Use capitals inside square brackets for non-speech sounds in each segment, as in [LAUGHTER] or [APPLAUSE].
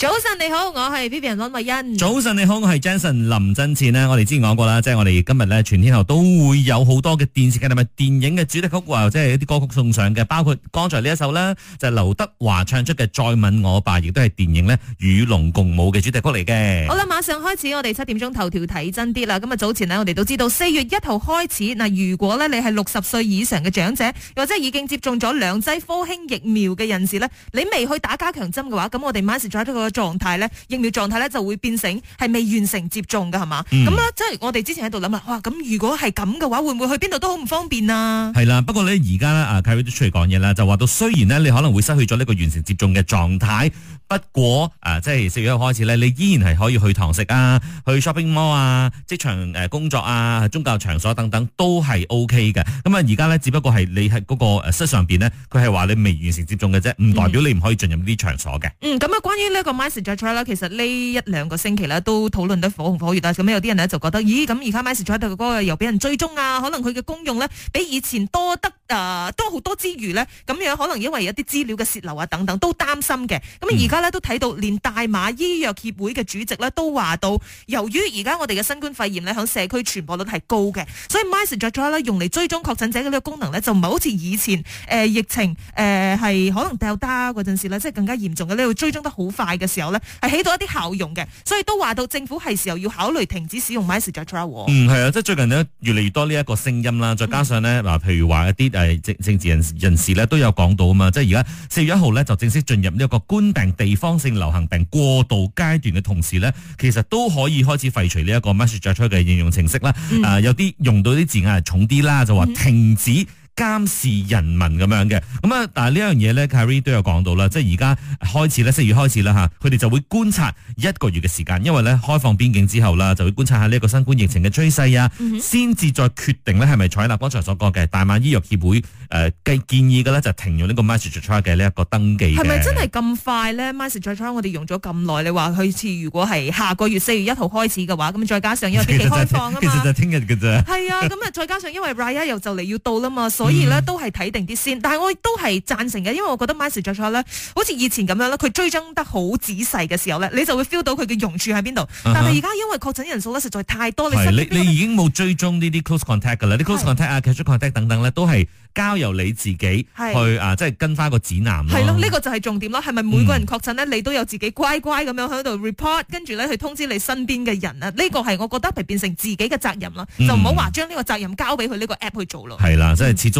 早晨你好，我係 Vivian 安慧欣。早晨你好，我係 Jason 林振前。呢我哋之前講過啦，即係我哋今日咧全天候都會有好多嘅電視劇同埋電影嘅主題曲，或者係一啲歌曲送上嘅，包括剛才呢一首啦，就係劉德華唱出嘅《再吻我吧》，亦都係電影呢《與龍共舞》嘅主題曲嚟嘅。好啦，馬上開始我哋七點鐘頭條睇真啲啦。咁啊早前呢，我哋都知道四月一號開始嗱，如果呢你係六十歲以上嘅長者，或者已經接種咗兩劑科興疫苗嘅人士呢，你未去打加強針嘅話，咁我哋上再個。狀態咧，疫苗狀態咧就會變成係未完成接種噶，係嘛？咁啊，即係我哋之前喺度諗啦，哇！咁如果係咁嘅話，會唔會去邊度都好唔方便啊？係啦，不過咧而家咧，啊 Carrie 都出嚟講嘢啦，就話到雖然咧，你可能會失去咗呢個完成接種嘅狀態。不過啊，即係四月一號開始咧，你依然係可以去堂食啊，去 shopping mall 啊，職場誒工作啊，宗教場所等等都係 O K 嘅。咁啊，而家咧只不過係你喺嗰個誒室上邊咧，佢係話你未完成接種嘅啫，唔代表你唔可以進入呢啲場所嘅。嗯。嗯、咁、嗯、啊、嗯，關於呢個 mask trial 咧，其實呢一兩個星期咧都討論得火紅火熱啊。咁、嗯、有啲人咧就覺得，咦，咁而家 mask trial 嘅個又俾人追蹤啊，可能佢嘅功用咧比以前多得。誒、呃，都好多之餘咧，咁樣可能因為有啲資料嘅洩漏啊等等，都擔心嘅。咁而家咧都睇到連大馬醫藥協會嘅主席咧都話到，由於而家我哋嘅新冠肺炎咧喺社區傳播率係高嘅，所以 MySejahtera 用嚟追蹤確診者嘅呢個功能咧就唔係好似以前、呃、疫情誒係、呃、可能 Delta 嗰陣時咧，即係更加嚴重嘅呢度追蹤得好快嘅時候咧，係起到一啲效用嘅。所以都話到政府係時候要考慮停止使用 MySejahtera。嗯，係啊，即係最近呢，越嚟越多呢一個聲音啦，再加上咧嗱，譬如話一啲。係政政治人人士咧都有講到啊嘛，即係而家四月一號咧就正式進入呢一個官病地方性流行病過渡階段嘅同時咧，其實都可以開始廢除呢一個 MySejahtera 嘅應用程式啦。啊、嗯呃，有啲用到啲字眼係重啲啦，就話停止。監視人民咁樣嘅，咁啊，但係呢樣嘢咧，Kerry 都有講到啦，即係而家開始咧，四月開始啦吓，佢哋就會觀察一個月嘅時間，因為咧開放邊境之後啦，就會觀察下呢個新冠疫情嘅趨勢啊，先至、嗯、哼再決定咧係咪採納剛才所講嘅大馬醫藥協會誒、呃、建議嘅咧，就停用呢個 MySejahtera 嘅呢一個登記。係咪真係咁快咧？MySejahtera 我哋用咗咁耐，你話佢似如果係下個月四月一號開始嘅話，咁再加上因為邊境開放啊嘛，其實就聽日嘅啫。係啊，咁啊，再加上因為 Raya 又就嚟要到啦嘛，所以咧都係睇定啲先，但係我亦都係贊成嘅，因為我覺得 m i c h e l 錯咧，好似以前咁樣呢，佢追蹤得好仔細嘅時候咧，你就會 feel 到佢嘅用處喺邊度。但係而家因為確診人數呢實在太多，你，你身邊你你已經冇追蹤呢啲 close contact 噶啦，啲 close contact 啊 c a t c h contact 等等呢都係交由你自己去的啊，即係跟翻個指南。係咯，呢個就係重點啦，係咪每個人確診咧，你都有自己乖乖咁樣喺度 report，跟住咧去通知你身邊嘅人啊？呢個係我覺得係變成自己嘅責任咯，就唔好話將呢個責任交俾佢呢個 app 去做咯。係啦，即係始終。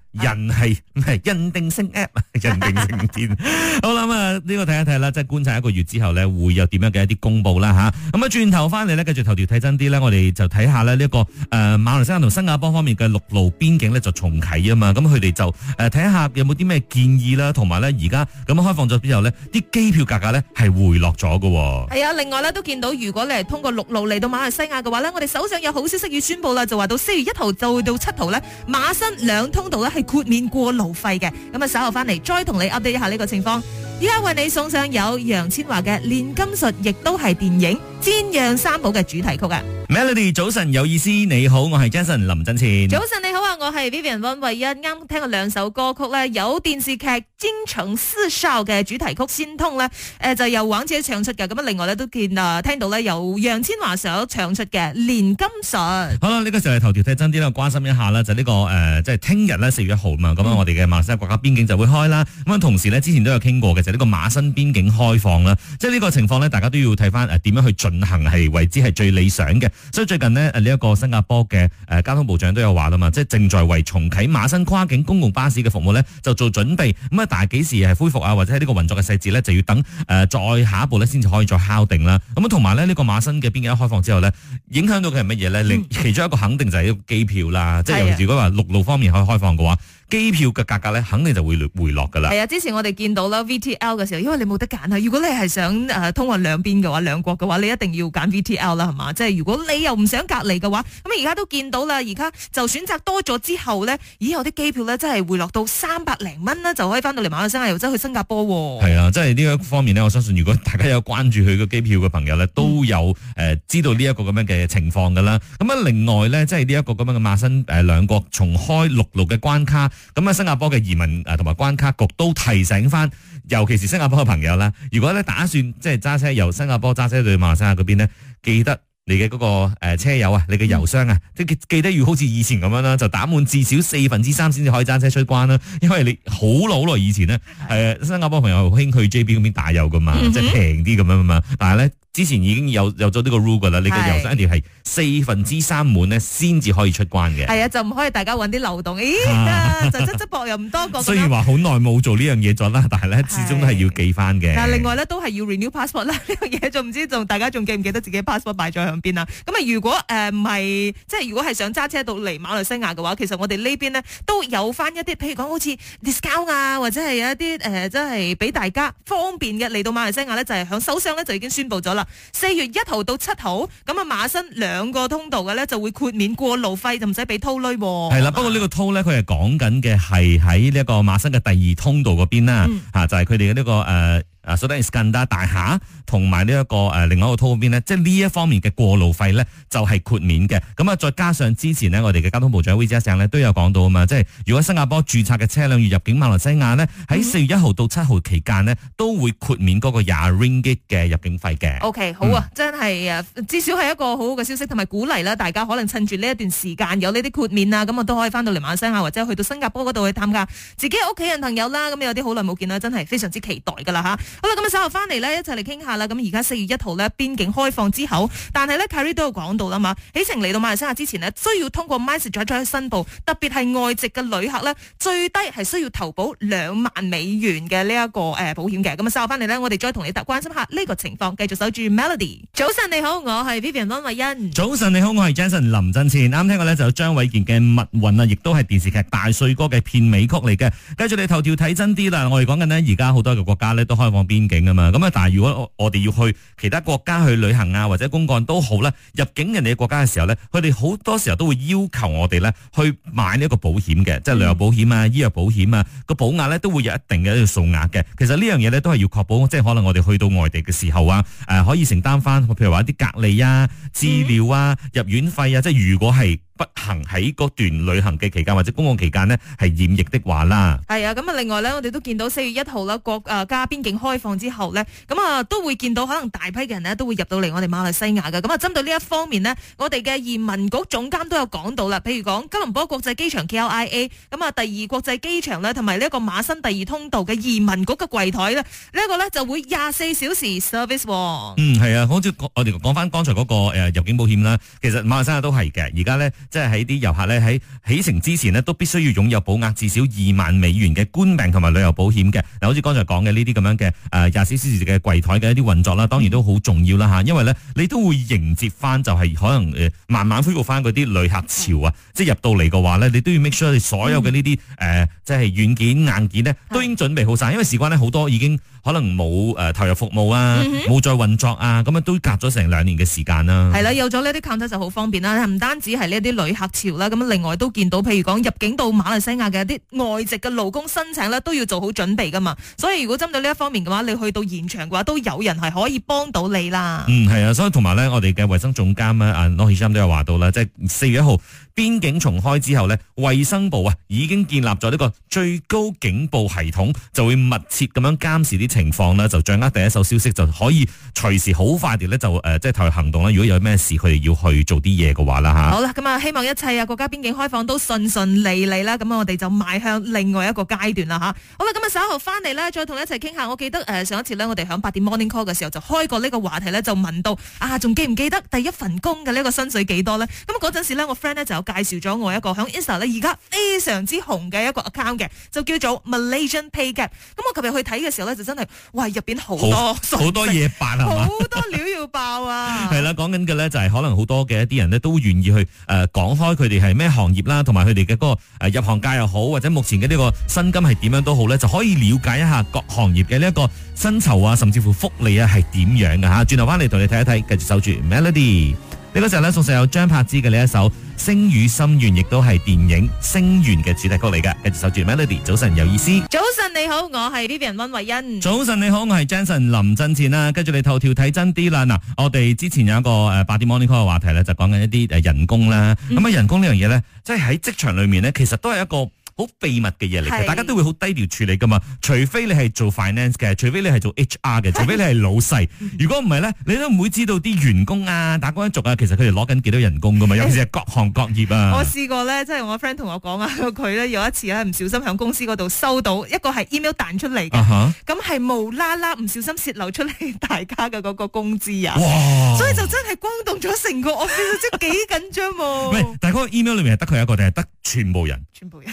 人係係人定勝 app，人定勝天。 [LAUGHS] 好啦咁啊，呢、這個睇一睇啦，即係觀察一個月之後呢，會有點樣嘅一啲公布啦吓。咁啊，轉頭翻嚟呢，繼續頭條睇真啲呢。我哋就睇下呢呢個誒、呃、馬來西亞同新加坡方面嘅陸路邊境呢，就重啟啊嘛。咁佢哋就誒睇下有冇啲咩建議啦，同埋呢而家咁樣開放咗之後呢，啲機票價格呢係回落咗喎。係啊，另外呢，都見到，如果你係通過陸路嚟到馬來西亞嘅話呢，我哋手上有好消息要宣布啦，就話到四月一號就會到七號呢，馬新兩通道豁免過路費嘅，咁啊稍後翻嚟再同你 update 一下呢個情況。而家為你送上有楊千嬅嘅《煉金術》，亦都係電影《煎釀三寶》嘅主題曲啊！Melody，早晨有意思，你好，我係 Jason 林振前。早晨你好啊，我係 Vivian 溫慧欣。啱聽過兩首歌曲咧，有電視劇《精蟲私 show》嘅主題曲《先通》咧、呃，誒就由王姐唱出嘅。咁另外咧都見啊聽到咧，由楊千嬅首唱出嘅《連金水》。好啦，呢、這個就係頭條睇真啲啦，關心一下啦，就呢、是這個誒，即係聽日咧四月一號啊嘛，咁、嗯、我哋嘅馬新國家邊境就會開啦。咁同時呢，之前都有傾過嘅就呢、是、個馬新邊境開放啦，即係呢個情況呢，大家都要睇翻誒點樣去進行係為之係最理想嘅。所以最近呢，呢一個新加坡嘅誒交通部長都有話啦嘛，即係正在為重啟馬新跨境公共巴士嘅服務咧，就做準備。咁啊，但係幾時係恢復啊，或者呢個運作嘅細節咧，就要等誒再下一步咧，先至可以再敲定啦。咁同埋咧，呢個馬新嘅邊界一開放之後咧，影響到嘅係乜嘢咧？另、嗯、其中一個肯定就係機票啦，即係、嗯、尤其如果話陸路方面可以開放嘅話。機票嘅價格咧，肯定就會回落噶啦。係啊，之前我哋見到啦，VTL 嘅時候，因為你冇得揀啊。如果你係想誒、呃、通運兩邊嘅話，兩國嘅話，你一定要揀 VTL 啦，係嘛。即係如果你又唔想隔離嘅話，咁而家都見到啦，而家就選擇多咗之後呢，以後啲機票呢，真係回落到三百零蚊啦，就可以翻到嚟馬來西亞，又真去新加坡啊。係啊，即係呢一方面呢。我相信如果大家有關注佢嘅機票嘅朋友呢，都有誒、嗯呃、知道呢一個咁樣嘅情況噶啦。咁啊，另外呢，即係呢一個咁樣嘅馬新誒兩國重開陸路嘅關卡。咁啊，新加坡嘅移民啊，同埋關卡局都提醒翻，尤其是新加坡嘅朋友啦。如果咧打算即係揸車由新加坡揸車去馬來西亞嗰邊咧，記得你嘅嗰個誒車友啊，你嘅油箱啊，即係記得要好似以前咁樣啦，就打滿至少四分之三先至可以揸車出關啦。因為你好耐好耐以前咧，誒的新加坡朋友好興去 J B 嗰邊打油噶嘛，嗯嗯，即係平啲咁樣啊嘛，但係咧。之前已經有有咗呢個 rule 噶啦，你嘅油箱條係四分之三滿咧，先至可以出關嘅。係啊，就唔可以大家揾啲漏洞。咦、欸，就即即薄又唔多講。雖然話好耐冇做呢樣嘢咗啦，但係呢，始終都係要記翻嘅。但係另外呢，都係要 renew passport 啦，呢樣嘢仲唔知仲大家仲記唔記得自己 passport 擺咗響邊啊？咁啊，如果誒唔係，即係如果係想揸車到嚟馬來西亞嘅話，其實我哋呢邊呢，都有翻一啲，譬如講好似 discount 啊，或者係有一啲誒，即係俾大家方便嘅嚟到馬來西亞咧，就係響首相就已經宣布咗啦。四月一號到七號，咁啊馬新兩個通道嘅，咧就會豁免過路費，就唔使俾 toll 累係啦，不過呢個 toll 呢，佢係講緊嘅係喺呢一個馬新嘅第二通道嗰邊啦，吓、嗯、就係佢哋嘅呢個誒。呃啊，蘇丹斯肯達大廈同埋呢一個誒，另外一個濤邊呢，即係呢一方面嘅過路費呢，就係、是、豁免嘅。咁啊，再加上之前呢，我哋嘅交通部長 Wee 先生咧都有講到啊嘛，即係如果新加坡註冊嘅車輛要入境馬來西亞呢，喺四月一號到七號期間呢，都會豁免嗰個廿 ringgit 嘅入境費嘅。OK，好啊，嗯、真係啊，至少係一個好好嘅消息同埋鼓勵啦，大家可能趁住呢一段時間有呢啲豁免啊，咁啊都可以返到嚟馬來西亞或者去到新加坡嗰度去探下自己屋企人朋友啦。咁有啲好耐冇見啦，真係非常之期待噶啦嚇。好啦，咁啊，稍後翻嚟呢，一齊嚟傾下啦。咁而家四月一號呢，邊境開放之後，但係呢 Carrie 都有講到啦嘛。起程嚟到馬來西亞之前呢，需要通過 MySejahtera 再再申報，特別係外籍嘅旅客呢，最低係需要投保兩萬美元嘅呢一個誒保險嘅。咁啊，稍後翻嚟呢，我哋再同你搭關心下呢個情況。繼續守住 Melody。早晨你好，我係 Vivian 溫慧欣。早晨你好，我係 Jason 林振健。啱啱聽過呢就張衛健嘅《密運》啊，亦都係電視劇《大帥哥》嘅片尾曲嚟嘅。跟住你頭條睇真啲啦，我哋講緊呢，而家好多嘅國家呢都開放邊境啊嘛，咁啊，但係如果我我哋要去其他國家去旅行啊，或者公幹都好啦，入境人哋國家嘅時候咧，佢哋好多時候都會要求我哋咧去買呢一個保險嘅，即係旅遊保險啊、醫藥保險啊，個保額咧都會有一定嘅一個數額嘅。其實呢樣嘢咧都係要確保，即係可能我哋去到外地嘅時候啊，誒、呃、可以承擔翻，譬如話一啲隔離啊、治療啊、入院費啊，即係如果係。不行喺嗰段旅行嘅期間或者公幹期間呢，係染疫的話啦。係啊，咁啊，另外呢，我哋都見到四月一號啦，國啊家邊境開放之後呢，咁啊都會見到可能大批嘅人呢，都會入到嚟我哋馬來西亞嘅。咁啊，針對呢一方面呢，我哋嘅移民局總監都有講到啦。譬如講吉隆坡國際機場 KLIA，咁啊第二國際機場呢，同埋呢一個馬新第二通道嘅移民局嘅櫃枱呢，呢一個呢，就會廿四小時 service 喎。嗯，係啊，好似我哋講翻剛才嗰個誒入境保險啦，其實馬來西亞都係嘅，而家呢。即係喺啲遊客咧，喺起程之前呢都必須要擁有保額至少二萬美元嘅冠病同埋旅遊保險嘅。嗱，好似剛才講嘅呢啲咁樣嘅誒，廿四小時嘅櫃台嘅一啲運作啦，當然都好重要啦吓，因為咧，你都會迎接翻就係可能慢慢恢復翻嗰啲旅客潮啊。嗯、即係入到嚟嘅話咧，你都要 make sure 你所有嘅呢啲誒，即係軟件硬件咧，都已經準備好晒，嗯、因為事關咧好多已經。可能冇誒、呃、投入服務啊，冇、嗯、哼再運作啊，咁樣都隔咗成兩年嘅時間啦、啊。係啦，有咗呢啲 contact 就好方便啦。唔單止係呢啲旅客潮啦，咁另外都見到，譬如講入境到馬來西亞嘅一啲外籍嘅勞工申請咧，都要做好準備噶嘛。所以如果針對呢一方面嘅話，你去到現場嘅話，都有人係可以幫到你啦。嗯，係啊，所以同埋咧，我哋嘅衛生總監呢，啊，羅先生都有話到啦，即係四月一號邊境重開之後呢，衛生部啊已經建立咗呢個最高警報系統，就會密切咁樣監視啲。情況呢，就掌握第一手消息，就可以隨時好快啲呢，就誒、呃、即係投入行動啦。如果有咩事佢哋要去做啲嘢嘅話啦吓，好啦，咁啊希望一切啊國家邊境開放都順順利利啦。咁我哋就邁向另外一個階段啦吓，好啦，今日稍後翻嚟呢，再同你一齊傾下。我記得誒、呃、上一次呢，我哋響八點 Morning Call 嘅時候就開過呢個話題呢，就問到啊，仲記唔記得第一份工嘅呢個薪水幾多呢？咁嗰陣時呢，我 friend 呢，就有介紹咗我一個響 Insta 呢而家非常之紅嘅一個 account 嘅，就叫做 Malaysian Pay Gap。咁我琴日去睇嘅時候呢，就真係喂，入邊好，好多好多嘢辦係嘛，好多料要爆啊！ [LAUGHS] 係啦，講緊嘅咧就係可能好多嘅一啲人咧都願意去誒、講、呃、開佢哋係咩行業啦，同埋佢哋嘅嗰個誒入行界又好，或者目前嘅呢個薪金係點樣都好咧，就可以了解一下各行業嘅呢一個薪酬啊，甚至乎福利啊係點樣㗎。吓。轉頭翻嚟同你睇一睇，繼續守住 Melody。呢個時候咧，送上有張柏芝嘅呢一首《星語心願》，亦都係電影《星願》嘅主題曲嚟嘅。跟住守住 Melody，早晨有意思。早晨你好，我係 Vivian 溫慧欣。早晨你好，我係 Jensen 林振前啦。跟住你頭條睇真啲啦。嗱，我哋之前有一個誒八點 Morning Call 嘅話題咧，就講緊一啲誒人工啦。咁啊、嗯，人工呢樣嘢咧，即係喺職場裏面咧，其實都係一個。好秘密嘅嘢嚟嘅，是大家都會好低調處理噶嘛。除非你係做 finance 嘅，除非你係做 HR 嘅，是除非你係老細。如果唔係咧，你都唔會知道啲員工啊、打工一族啊，其實佢哋攞緊幾多人工噶嘛。尤其係各行各業啊。我試過咧，即、就、係、是、我 friend 同我講啊，佢咧有一次咧，唔小心響公司嗰度收到一個係 email 彈出嚟嘅，咁係、uh huh. 無啦啦唔小心泄露出嚟大家嘅嗰個工資啊。哇所以就真係轟動咗成個我，我真係即幾緊張噃。喂，但係嗰個 email 裏面係得佢一個，定係得全部人？全部人，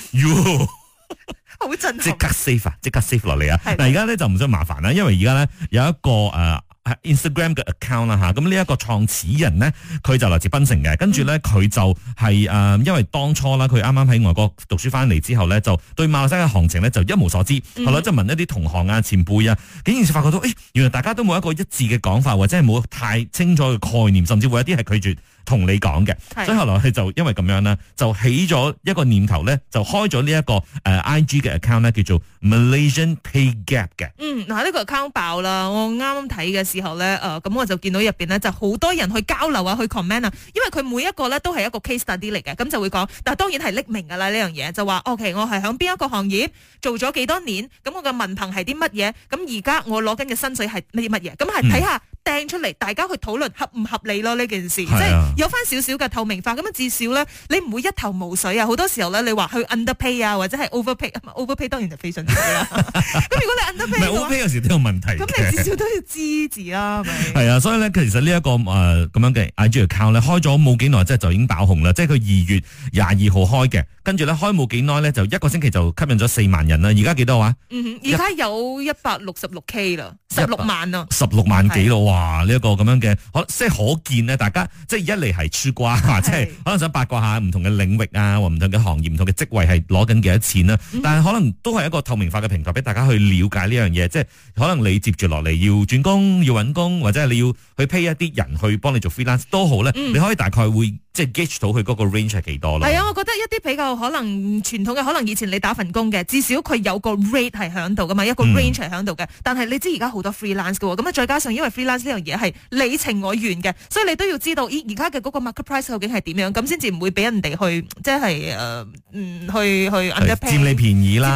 好 [LAUGHS] 震撼！即刻 save，即刻 save 落嚟啊！嗱、啊，而家咧就唔使麻煩啦，因為而家咧有一個誒、呃、Instagram 嘅 account 啦、啊、吓，咁呢一個創始人咧，佢就嚟自檳城嘅，跟住咧佢就係、是、誒、呃，因為當初啦，佢啱啱喺外國讀書翻嚟之後咧，就對馬來西亞嘅行情咧就一無所知，係咯，即係問一啲同行啊、前輩啊，竟然發覺到，誒、哎，原來大家都冇一個一致嘅講法，或者係冇太清楚嘅概念，甚至會一啲係拒絕。同你講嘅，所以後來佢就因為咁樣咧，就起咗一個念頭咧，就開咗呢一個誒 I G 嘅 account 咧，叫做 Malaysian Pay Gap 嘅。嗯，嗱、啊、呢、呢個 account 爆啦！我啱啱睇嘅時候咧，誒、呃、咁我就見到入面咧就好、是、多人去交流啊，去 comment 啊，因為佢每一個咧都係一個 case study 嚟嘅，咁就會講，但當當然係匿名㗎啦，呢樣嘢，就話 O K，我係響邊一個行業做咗幾多年，咁我嘅文憑係啲乜嘢，咁而家我攞緊嘅薪水係呢啲乜嘢，咁係睇下。嗯掟出嚟，大家去討論合唔合理咯？呢件事是、啊、即係有翻少少嘅透明化，咁啊至少咧，你唔會一頭霧水啊！好多時候咧，你話去 underpay 啊，或者係 overpay o v e r p a y 當然就非常之。咁 [LAUGHS] 如果你 underpay 是你說 o v e r p a y 有時都有問題。咁你至少都要支持啦。係啊，所以咧其實呢、這、一個誒咁、呃、樣嘅 IG account 呢，開咗冇幾耐，即係就已經爆紅啦！即係佢二月廿二號開嘅，跟住咧開冇幾耐咧，就一個星期就吸引咗四萬人啦！而家幾多啊？嗯，而家有一百六十六 k 啦，十六萬啊，十六萬幾咯，呢一、啊，這個咁樣嘅可即係可見呢。大家即係一嚟係出瓜，是即係可能想八卦下唔同嘅領域啊，或唔同嘅行業、唔同嘅職位係攞緊幾多錢啦、啊。但係可能都係一個透明化嘅平台俾大家去了解呢樣嘢，即係可能你接住落嚟要轉工、要揾工，或者你要去 pay 一啲人去幫你做 freelance 都好咧。嗯、你可以大概會即係 get 到佢嗰個 range 係幾多咯。係啊，我覺得一啲比較可能傳統嘅，可能以前你打份工嘅，至少佢有個 rate 係喺度噶嘛，一個 range 係喺度嘅。嗯、但係你知而家好多 freelance 喎，咁再加上因為呢樣嘢係你情我願嘅，所以你都要知道而家嘅嗰個 market price 究竟係點樣，咁先至唔會俾人哋去即係誒、呃、去去, underpay, 去佔你便宜啦，佔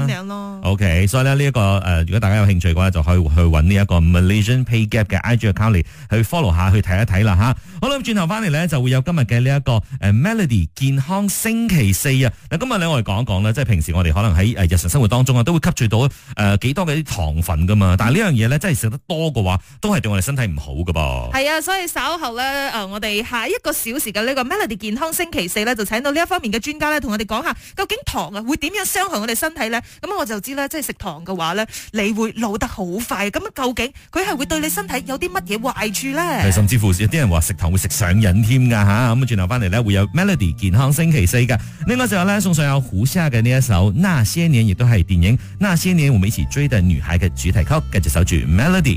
你便宜咁樣咯。OK，所以呢、這、一個誒、呃，如果大家有興趣嘅話，就可以去揾呢一個 Malaysian Pay Gap 嘅 IG account 嚟、嗯、去 follow 下去睇一睇啦嚇。嗯、好啦，轉頭翻嚟呢，就會有今日嘅呢一個誒 Melody 健康星期四啊！嗱，今日咧我哋講一講咧，即係平時我哋可能喺日常生活當中啊，都會吸取到誒、呃、幾多嘅啲糖分噶嘛。但係呢樣嘢咧，真係食得多嘅話，都係。是對我哋身體唔好噶噃，係啊，所以稍後咧，誒，我哋下一個小時嘅呢個 Melody 健康星期四咧，就請到呢一方面嘅專家咧，同我哋講下究竟糖啊會點樣傷害我哋身體咧？咁我就知咧，即係食糖嘅話咧，你會老得好快。咁究竟佢係會對你身體有啲乜嘢壞處咧？甚至乎有啲人話食糖會食上癮添噶吓。咁轉頭翻嚟咧，會有 Melody 健康星期四嘅。另外仲有咧，送上有胡夏嘅呢一首《那些年》亦都係電影《那些年我們一起追的女孩》嘅主題曲，繼續守住 Melody。